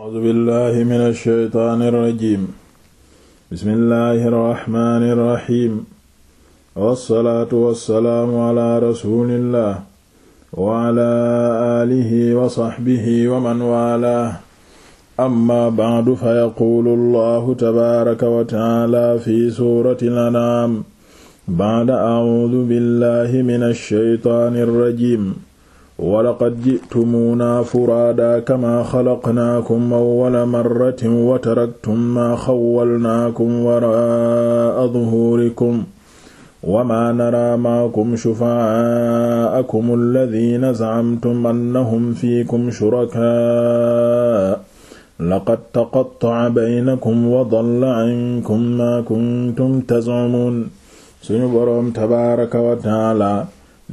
a'uuzu billahi mina shaytaani rajiim bismillahi rahmaani rahiim wassalaatu wassalaamu ala rasuulillah wa ala aalihi wa saxbihi wa man waalaah amma ba'du fa yaquulu allahu tabaaraka wa ta'aala fi suurati al-an'aam ba'da a'uuzu billahi mina shaytaani rajiim walaqad ji'tumuunaa furaadaa kamaa xalaqnaakum awwala marratin wa taraktum maa xawwalnaakum waraa'a duhuurikum wa maa naraa maakum shufaa'akum alladiina zacamtum annahum fiikum shurakaa laqad taqattaca baynakum wa dalla cankum maa kuntum tazcamuun suñu boroom tabaaraka wa taala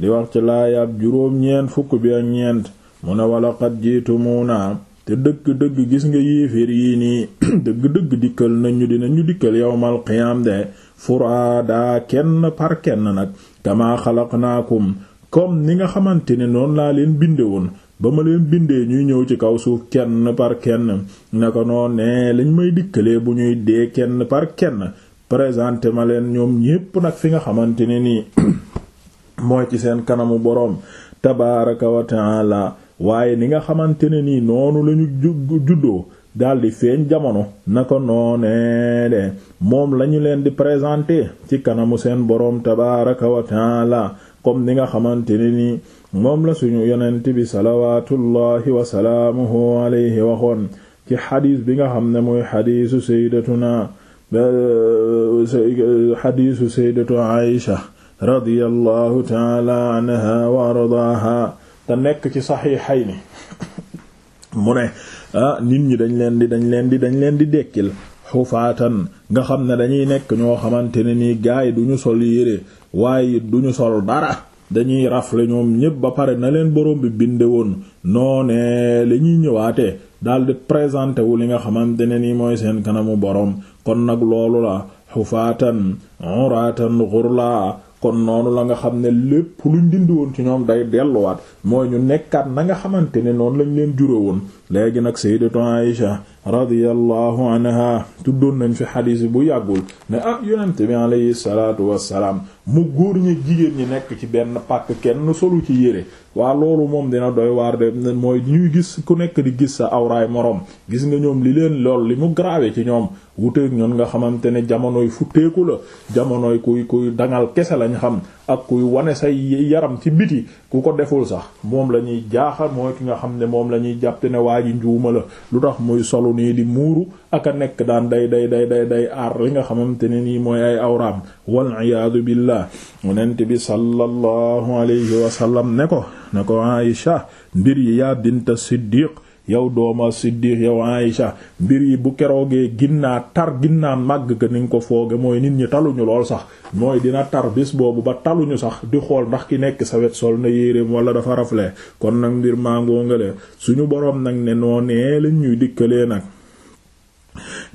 di wax ci laayaab juróom-ñeent fukk bi ak ñeent mu ne walaqad jiitumuuna te dëgg-dëgg gis nga yéeféer yii nii dëgg-dëgg dikkal nañu dinañu dikkal yawmal qiyaam de furaada kenn par kenn nag kamaa xalaqnaakum comme ni nga xamante ne noonu laa leen binde woon ba ma leen bindee ñuy ñëw ci kaw suuf kenn par kenn naka noon ne lañ may dikkalee bu ñuy dee kenn par kenn présenté ma leen ñoom ñépp nag fi nga xamante ne nii mooy ci seen kanamu boroom tabaaraka wa taala waaye ni nga xamante ne nii noonu lañu juddoo di feeñ jamono naka noonee de moom lañu leen di présenter ci kanamu seen boroom tabaaraka wa taala comme ni nga xamante ne nii moom la suñu yonent bi salawaatullahi wa salaamuhu alayhi waxoon ci xadiis bi nga xam ne mooy xadiisu sayyidatuna euh, euh, xadiisu sayyidatu Aïsha radiyallahu taala anha wa ardaaha te nekk ci saxiixayni mu ne ah nit ñi dañ leen di dañ leen di dañ leen di dekkil xufaatan nga xam ne dañuy nekk ñoo xamante ne nii gaay duñu sol yére waaye duñu sol dara dañuy rafle ñoom ñépp ba pare na leen borom bi bindewoon woon noonee li ñuy ñëwaatee daldi présenté wu li nga xamante ne nii mooy seen kanamu boroom kon nag loolu la xufaatan uratan xurlaa kon noonu la nga xam ne lépp luñ dindi woon ci ñoom day delluwaat mooy ñu nekkaat na nga xamante ne noonu lañ leen jure woon léegi nag sayyidatu Aïsha radiyallahu anha tuddoon nañ fi xadiis bu yàggul ne ah yonent bi alayhi salaatu wassalaam mu góor ñi jigéen ñi nekk ci benn pàkk kenn solu ci yére waa loolu moom dina doy waar de mooy ñuy gis ku nekk di gis sa awraay moroom gis nga ñoom li leen lool li mu grave ci ñoom wuteeg ñun nga xamante ne jamonoy futteeku la jamonoy kuy kuy dangal kese lañ xam ak kuy wane say yaram ci biti ku ko deful sax moom la ñuy jaaxal mooy ki nga xam ne moom la ñuy jàpp ne waa ji njuuma la lu tax muy solu nii di muuru ak a nekk daan day day day day day aar li nga xamante ne nii mooy ay awraam anha yonent bi sallallahu alayhi wa sallam ne ko ne ko Aïcha mbir yi yaa binta Siddiq yow dooma Siddiq yow Aïcha mbir yi bu keroogee ginnaa tar ginnaa màgg que ni nga ko fooge mooy nit ñi taluñu lool sax mooy dina tar bis boobu ba taluñu sax di xool ndax ki nekk sa wet sol na yéreem wala dafa rafle kon nag mbir mangoo ngale suñu boroom nag ne noo nee lañ dikkalee nag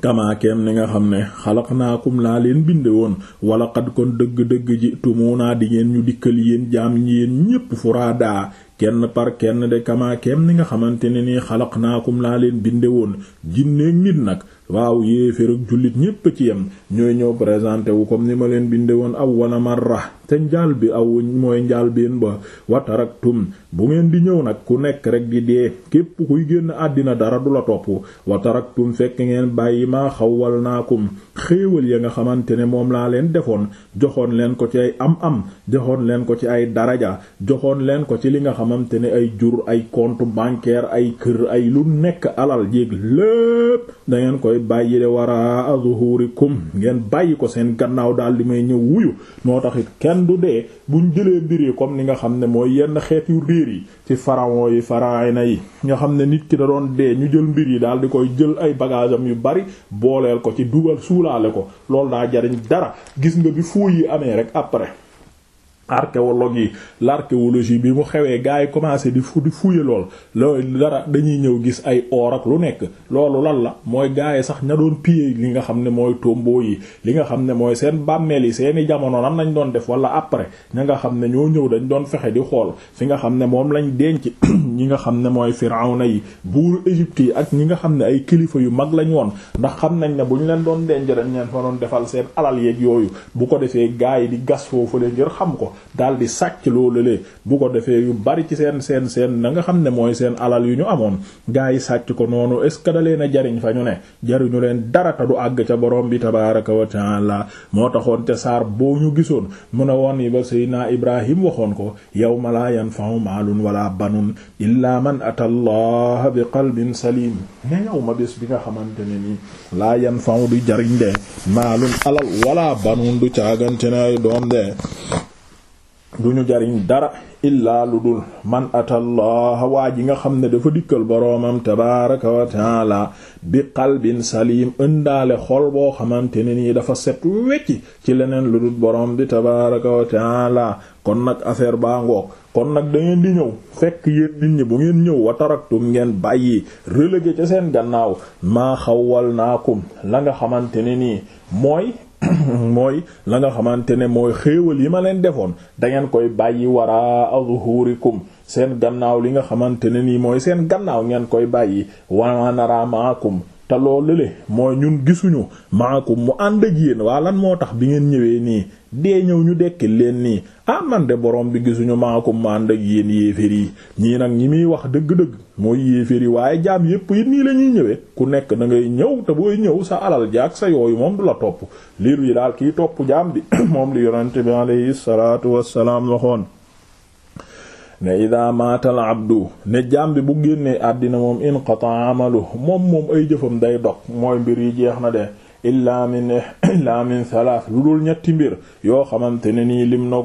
kamaakeem ni nga xam ne xalaqnaakum laa leen binde woon wala xad kon dëgg-dëgg ji tumunaa di ngeen ñu dikkal yéen jaam yéen ñépp furaadaa kenn par kenn de kamaa kem ni nga xamante ne nii xalaqnaakum laa leen binde woon jinneeg nit nag waaw yéefér ak jullit ñépp ci yem ñooy ñëw présenté wu comme ni ma leen binde woon awwala marra te njaal bi aw mooy njaal been ba wataraktum bu ngeen di ñëw nag ku nekk rek di dee képp kuy génn àddina dara du la topp wataraktum fekk ngeen bàyyi ma maa xawwalnaakum xéewal ya nga xamante ne moom laa leen defoon joxoon leen ko ci ay am am joxoon leen ko ci ay daraja xamante ne ay jur ay compte bancaire ay kër ay lu nekk alal jéeg lépp da ngeen koy bàyyi de wara azhurikum ngeen bàyyi ko seen gannaaw daal di may ñëw wuyu noo taxit kenn du dee buñ jëlee mbir yi comme ni nga xam ne mooy yenn xeet yu réer yi ci pharaon yi pharaayna yi nga xam ne nit ki da doon dee ñu jël mbir yi daal di koy jël ay bagage yu bari booleel ko ci dugal suulaale ko loolu daa jariñ dara gis nga bi fuu yi amee rek après archéologue yi l'archéologie bi mu xewee gars yi commencé di fu di fuye lool loolu dara dañuy ñëw gis ay or ak lu nekk loolu lan la mooy gars yi sax ña doon piller li nga xam ne mooy tombeau yi li nga xam ne mooy seen bàmmeel yi seeni jamono lan lañ doon def wala après ña nga xam ne ñoo ñëw dañ doon fexe di xool fi nga xam ne moom lañ denc ñi nga xam ne mooy firawna yi buuru Égypte yi ak ñi nga xam ne ay kilifa yu mag lañ woon ndax xam nañ ne bu ñu leen doon denc dañ leen defal seen alal yooyu bu ko defee gars yi di gas foofu ngir xam ko daal di sàcc loolu le bu ko defee yu bari ci seen seen seen na nga xam ne mooy seen alal yu ñu amoon gaa yi sàcc ko noonu est ce que da leen jariñ fa ñu ne jariñu leen dara ta du àgg ca borom bi tabaraka wa taala moo taxoon te saar boo ñu gisoon mu ne woon yi ba Seydina Ibrahim waxoon ko yawma laa yanfa'u maalun wala banun illaa man ata allah bi qalbin salim ne yow ma bés bi nga xamante ne nii laa yanfa'u du jariñ de maalun alal wala banun du caagante duñu jariñ dara illaa lu dul man atallaha waa ji nga xam ne dafa dikkal boroomam tabaraka wa taala bi qalbin salim ëndaale xol boo xamante ne nii dafa set wecci ci leneen lu dul boroom bi tabaraka wa kon nag affaire baa ngoog kon nag da di ñëw fekk yéen nit ñi bu ngeen ñëw wa taraktum ngeen bàyyi relégué ca seen gannaaw maa xawwal naakum la nga xamante ne nii mooy mooy la nga xamante ne mooy xéewal yi ma leen defoon da ngeen koy bàyyi wara azhurikum seen gannaaw li nga xamante ne nii mooy seen gannaaw ngeen koy bàyyi wananaraamaakum te loolu le mooy ñun gisuñu maakum mu ànd ak yéen waa lan moo tax bi ngeen ñëwee nii dee ñëw ñu dekki leen nii ah man borom bi gisuñu maakum mu ànd ak yéen yéeféer yi ñii nag ñi muy wax dëgg-dëgg mooy yéeféer yi waaye jaam yépp it nii lañuy ñuy ñëwee ku nekk na ngay ñëw te booy ñëw sa alal jaak sa yooyu moom du la topp liir yi daal kiy topp jaam bi moom li yonente bi alayhi salaatu wassalaam waxoon ne ida maatal abdu ne jaam bi bu génnee àddina moom inqata amalu moom moom ay jëfam day dog mooy mbir yi jeex na de illaa min illaa min salaas lu dul ñetti mbir yoo xamante ne nii lim na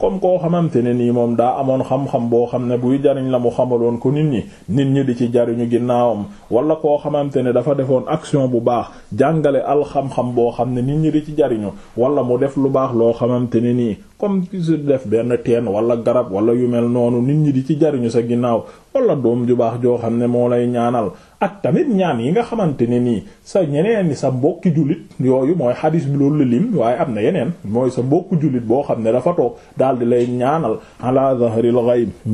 comme koo xamante ne nii moom daa amoon xam-xam boo xam ne buy jariñ la mu xamaloon ko nit ñi nit ñi di ci jariñu ginnaawam wala koo xamante ne dafa defoon action bu baax jàngale al xam boo xam ne nit ñi di ci jariñu wala mu def lu baax loo xamante ne nii comme su def benn teen wala garab wala yu mel noonu nit ñi di ci jariñu sa ginnaaw wala doom ju baax joo xam ne moo lay ñaanal ak tamit ñaan yi nga xamante ne nii sa ñeneen sa mbokki jullit yooyu mooy xadis bi loolu la lim waaye am na yeneen mooy sa mbokki jullit boo xam ne dafa toog daal di lay ñaanal ala zahril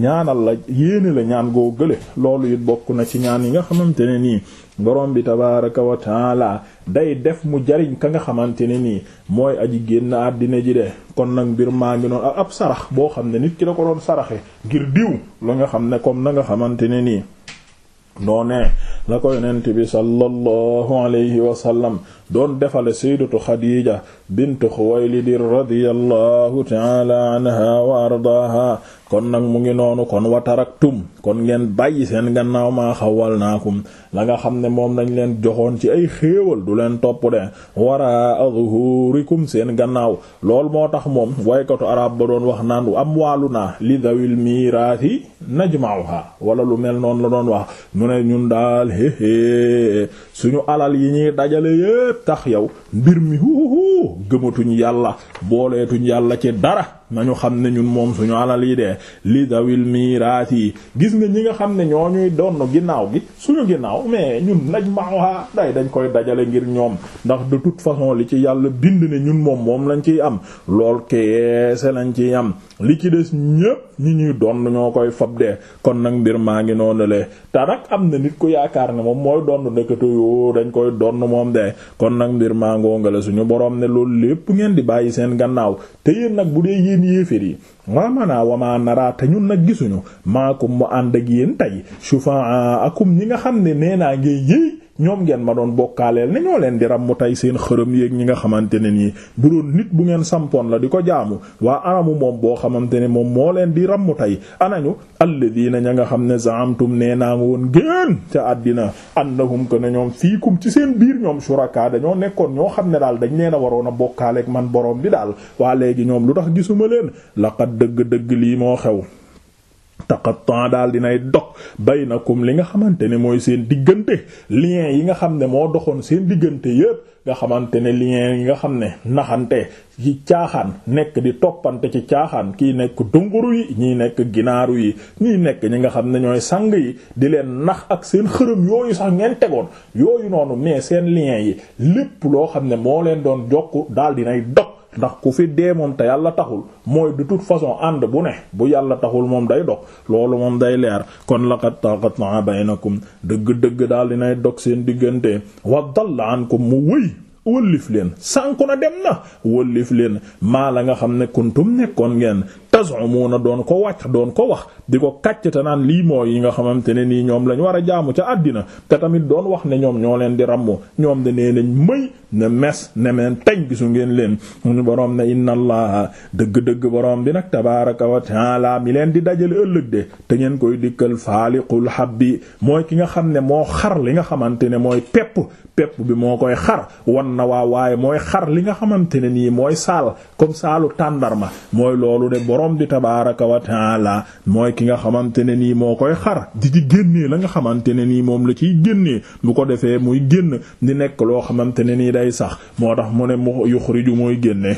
ñaanal la yéene la ñaan goo gële loolu it bokk na ci ñaan yi nga xamante ne nii borom bi tabaaraka wa laa day def mu jariñ ka nga xamante ne nii mooy aji génn àddina ji de kon nag mbir maa ngi noonu ab sarax boo xam ne nit ki la ko doon saraxe ngir diw la nga xam ne comme na nga xamante ne nii noo la ko yonent bi sallallahu alayhi wa sallam doon defale sayyidatu Xadiija bint Xuwaylid radiyallahu ta'ala anha wa ardaaha kon nag mu ngi noonu kon taraktum kon ngeen bàyyi seen gannaaw maa xawal naakum la nga xam ne moom nañ leen joxoon ci ay xéewal du leen topp de wara azhurikum seen gannaaw lool moo tax moom waykatu arab ba doon wax naan amwaalu naa li dawil miraasi najma'uha wala lu mel noonu la doon wax ñu ne ñun daal hé hé suñu alal yi ñuy dajale yépp tax yow mbir mi huhuhu gëmatuñ yàlla booleetuñ yàlla ci dara nañu xam ne ñun moom suñu alal yi de li dawil miiraas yi gis nga ñi nga xam ne ñoo ñuy donn ginnaaw gi suñu ginnaaw mais ñun naj maawa day dañ koy dajale ngir ñoom ndax de toute façon li ci yàlla bind ne ñun moom moom lañ ciy am lool keese nañ ciy am li ci des ñépp ñi ñuy donn ñoo koy fab de kon nag mbir maa ngi noonu le te nag am na nit ku yaakaar ne moom mooy donn ndekete yoo dañ koy donn moom ngoo la suñu borom ne loolu lépp ngeen di bàyyi seen gannaaw te yéen nag bu dee yéen yéefér yi waamanaa wamaa naraa te ñun nag gisuñu maakum mu ànd ak yéen tey sufaa akum ñi nga xam ne nee naa ngay yéey ñoom ngeen ma doon bokkaaleel ne ñoo leen di ram tey seen xërëm yéeg ñi nga xamante ne nii bu doon nit bu ngeen sampoon la di ko jaamu waa aramu moom boo xamante ne moom moo leen di ram mu tey anañu alladina ña nga xam ne zaamtum nee naa nga woon génn ca àddina annahum ko ne ñoom fiikum ci seen biir ñoom shuraka dañoo nekkoon ñoo xam ne daal dañ leen a waroon a bokkaaleeg man borom bi daal waa léegi ñoom lu tax gisuma leen laqad dëgg dëgg lii moo xew taqatta daal dinay dog baynakum li nga xamante ne mooy seen diggante lien yi nga xam ne moo doxoon seen diggante yépp nga xamante ne lien yi nga xam ne naxante ci caaxaan nekk di toppante ci caaxaan kii nekk dunguru yi ñii nekk ginaaru yi ñii nekk ñi nga xam ne ñooy sang yi di leen nax ak seen xërëm yooyu sax ngeen tegoon yooyu noonu mais seen lien yi lépp loo xam ne moo leen doon jokk daal dinay dog ndax ku fi dee moom te yàlla taxul mooy de toute façon ànd bu ne bu yàlla taxul moom day dog loolu moom day leer kon laqad taqatta'a baynakum dëgg-dëgg daal dinay dog seen diggante wa dalla ankum mu wëy wëllif leen sànku na dem na wëllif leen maa la nga xam ne kuntum nekkoon ngeen na doon ko wàcc doon ko wax di ko kàcc te naan lii mooy yi nga xamante ne nii ñoom lañ war a jaamu ca àddina te tamit doon wax ne ñoom ñoo leen di ràmmu ñoom de nee nañ mëy ne mes ne meen tañ gisu ngeen leen ñu boroom ne inna allah dëgg-dëgg boroom bi nag tabaraka wa taala mi leen di dajale ëllëg de te ngeen koy dikkal faaliqul habbi mooy ki nga xam ne moo xar li nga xamante ne mooy pepp pepp bi moo koy xar wan wan na waa waaye mooy xar li nga xamante ne nii mooy saal comme saalu tàndarma mooy loolu de borom bi tabaaraka wa taala mooy ki nga xamante ne nii moo koy xar di ci génnee la nga xamante ne nii moom la ciy génnee bu ko defee muy génn di nekk loo xamante ne nii day sax moo tax mu ne mu yuxriju mooy génne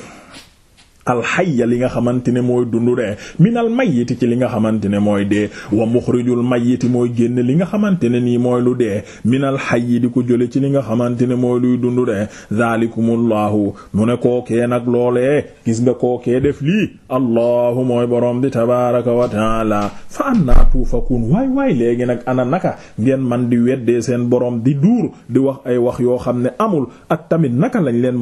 alxayya li nga xamante ne mooy dund de minal mayyiti ci li nga xamante ne mooy dee wa muxrijul mayyiti mooy génn li nga xamante ne nii mooy lu dee minal hayyi di ko jole ci li nga xamante ne mooy luy dund de zaalikumullahu mu ne kookee nag loolee gis nga kookee def lii allahu mooy borom di tabaraka wa taala fa anna tuufakun waay waay léegi nag ana naka ngeen man di weddee seen borom di duur di wax ay wax yoo xam ne amul ak tamit naka lañ leen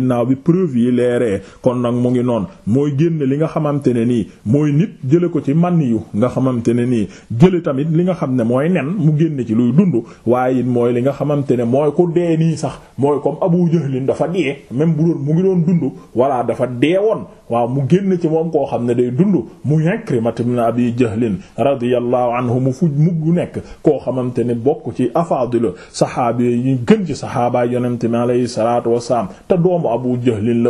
mën yi leeree kon nag mu ngi noonu mooy génn li nga xamante ne nii mooy nit jële ko ci man yu nga xamante ne nii jële tamit li nga xam ne mooy nen mu génn ci luy dund waaye it mooy li nga xamante ne mooy ku dee nii sax mooy comme Abu Jahlin dafa dee même bu doon mu ngi doon dund walla dafa dee woon waaw mu génn ci moom koo xam ne day dund mu Ikrimat ibn Abi Jahlin radiyallahu anhu mu fu mu nekk koo xamante ne bokk ci afaadila saxaaba yi gën ci saxaaba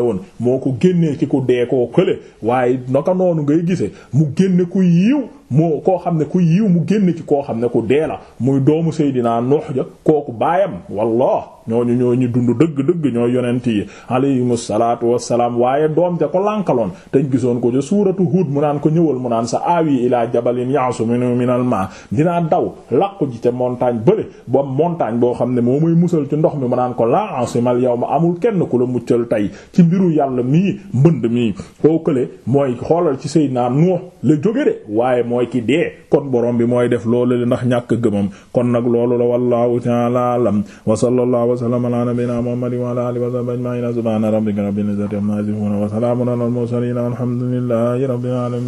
la woon moo ko génnee ci ku dee koo kële waaye naka noonu ngay gisee mu génne ku yiw moo koo xam ne ku yiw mu génn ci koo xam ne ku dee la muy doomu Seydina Nuux ja kooku baayam wallah ñooñu ñoo ñu dund dëgg-dëgg ñoo yonent yi alayhimu salaatu wassalaam waaye doom ja ko lànkaloon teñ gisoon ko ca suuratu Huud mu naan ko ñëwal mu naan sa aawi ilaa jabalin ya'simuni minal maa dinaa daw làqu ji ca montagne bële ba montagne boo xam ne moo may musal ci ndox mi ma naan ko laa asimal yawma amul kenn ku la muccal tey ci mbiru yàlla mii mbënd mii koo kële mooy xoolal mooy ki dee kon borom bi mooy def loolu li ndax ñàkk gëmam kon nag loolu la wallahu ta'ala alam wa sallallahu wa sallama ala nabiyyina muhammadin wa ala alihi wa sahbihi ajma'in subhana rabbika rabbil izzati amma yasifun wa salamun ala al mursalin walhamdulillahi rabbil